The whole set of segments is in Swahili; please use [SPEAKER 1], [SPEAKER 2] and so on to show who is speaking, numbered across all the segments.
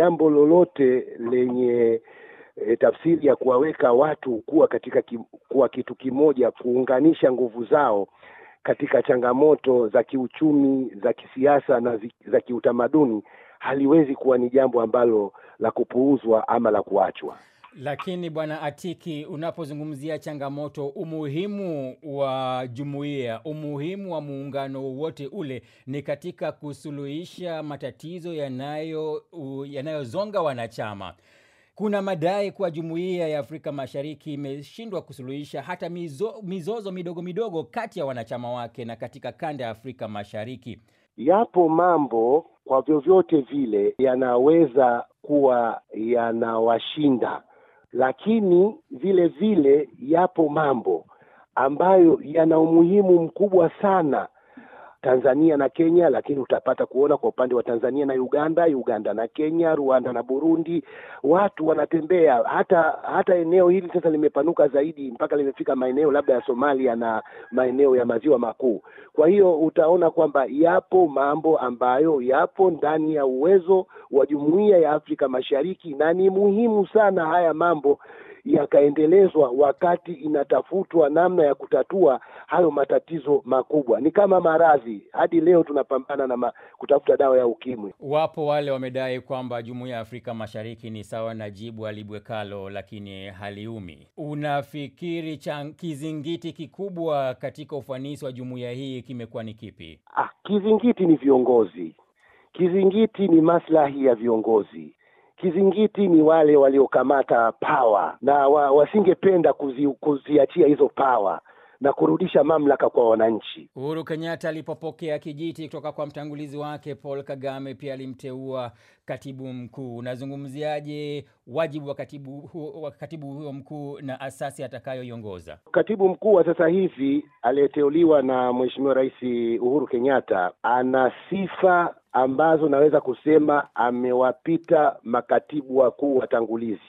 [SPEAKER 1] jambo lolote lenye e, tafsiri ya kuwaweka watu kuwa katika ki, kuwa kitu kimoja, kuunganisha nguvu zao katika changamoto za kiuchumi, za kisiasa na zi, za kiutamaduni haliwezi kuwa ni jambo ambalo la kupuuzwa ama la kuachwa.
[SPEAKER 2] Lakini bwana Atiki, unapozungumzia changamoto, umuhimu wa jumuiya, umuhimu wa muungano wowote ule ni katika kusuluhisha matatizo yanayo yanayozonga wanachama. Kuna madai kuwa jumuiya ya Afrika Mashariki imeshindwa kusuluhisha hata mizo, mizozo midogo midogo kati ya wanachama wake na katika kanda ya Afrika Mashariki.
[SPEAKER 1] Yapo mambo kwa vyovyote vile yanaweza kuwa yanawashinda lakini vile vile yapo mambo ambayo yana umuhimu mkubwa sana Tanzania na Kenya, lakini utapata kuona kwa upande wa Tanzania na Uganda, Uganda na Kenya, Rwanda na Burundi, watu wanatembea. Hata hata eneo hili sasa limepanuka zaidi mpaka limefika maeneo labda ya Somalia na maeneo ya maziwa makuu. Kwa hiyo utaona kwamba yapo mambo ambayo yapo ndani ya uwezo wa Jumuiya ya Afrika Mashariki na ni muhimu sana haya mambo yakaendelezwa wakati inatafutwa namna ya kutatua hayo matatizo makubwa. Ni kama maradhi, hadi leo tunapambana na ma, kutafuta dawa ya ukimwi.
[SPEAKER 2] Wapo wale wamedai kwamba jumuiya ya Afrika Mashariki ni sawa na jibu alibwekalo lakini haliumi. Unafikiri cha kizingiti kikubwa katika ufanisi wa jumuiya hii kimekuwa ni kipi?
[SPEAKER 1] Ah, kizingiti ni viongozi, kizingiti ni maslahi ya viongozi Kizingiti ni wale waliokamata pawa na wa, wasingependa kuzi, kuziachia hizo pawa na kurudisha mamlaka kwa wananchi.
[SPEAKER 2] Uhuru Kenyatta alipopokea kijiti kutoka kwa mtangulizi wake Paul Kagame, pia alimteua katibu mkuu. Unazungumziaje wajibu wa katibu, wa katibu huyo mkuu na asasi atakayoiongoza?
[SPEAKER 1] Katibu mkuu wa sasa hivi aliyeteuliwa na Mheshimiwa Rais Uhuru Kenyatta ana sifa ambazo naweza kusema amewapita makatibu wakuu watangulizi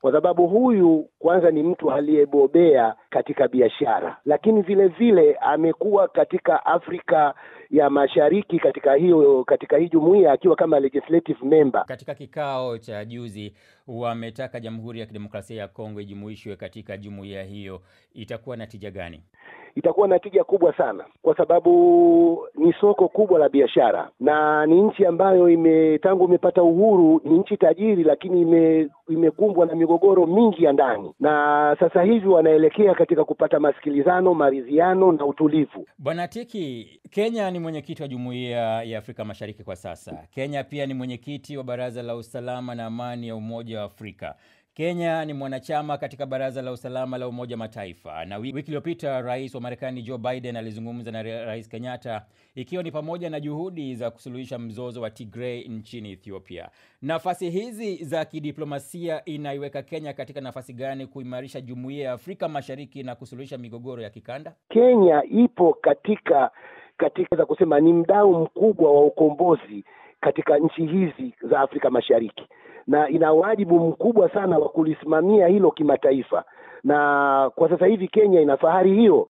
[SPEAKER 1] kwa sababu huyu kwanza ni mtu aliyebobea katika biashara, lakini vile vile amekuwa katika Afrika ya Mashariki katika hiyo katika hii jumuia akiwa kama legislative member. Katika
[SPEAKER 2] kikao cha juzi, wametaka Jamhuri ya Kidemokrasia ya Kongo ijumuishwe katika jumuia hiyo, itakuwa na tija gani?
[SPEAKER 1] itakuwa na tija kubwa sana, kwa sababu ni soko kubwa la biashara na ni nchi ambayo ime tangu imepata uhuru ni nchi tajiri, lakini ime imekumbwa na migogoro mingi ya ndani, na sasa hivi wanaelekea katika kupata masikilizano, maridhiano na utulivu.
[SPEAKER 2] Bwana Tiki, Kenya ni mwenyekiti wa Jumuiya ya Afrika Mashariki kwa sasa. Kenya pia ni mwenyekiti wa Baraza la Usalama na Amani ya Umoja wa Afrika. Kenya ni mwanachama katika Baraza la Usalama la Umoja Mataifa, na wiki iliyopita Rais wa Marekani Joe Biden alizungumza na Rais Kenyatta ikiwa ni pamoja na juhudi za kusuluhisha mzozo wa Tigray nchini Ethiopia. Nafasi hizi za kidiplomasia inaiweka Kenya katika nafasi gani kuimarisha jumuiya ya Afrika Mashariki na kusuluhisha migogoro ya kikanda?
[SPEAKER 1] Kenya ipo katika katika za kusema ni mdau mkubwa wa ukombozi katika nchi hizi za Afrika Mashariki na ina wajibu mkubwa sana wa kulisimamia hilo kimataifa, na kwa sasa hivi Kenya ina fahari hiyo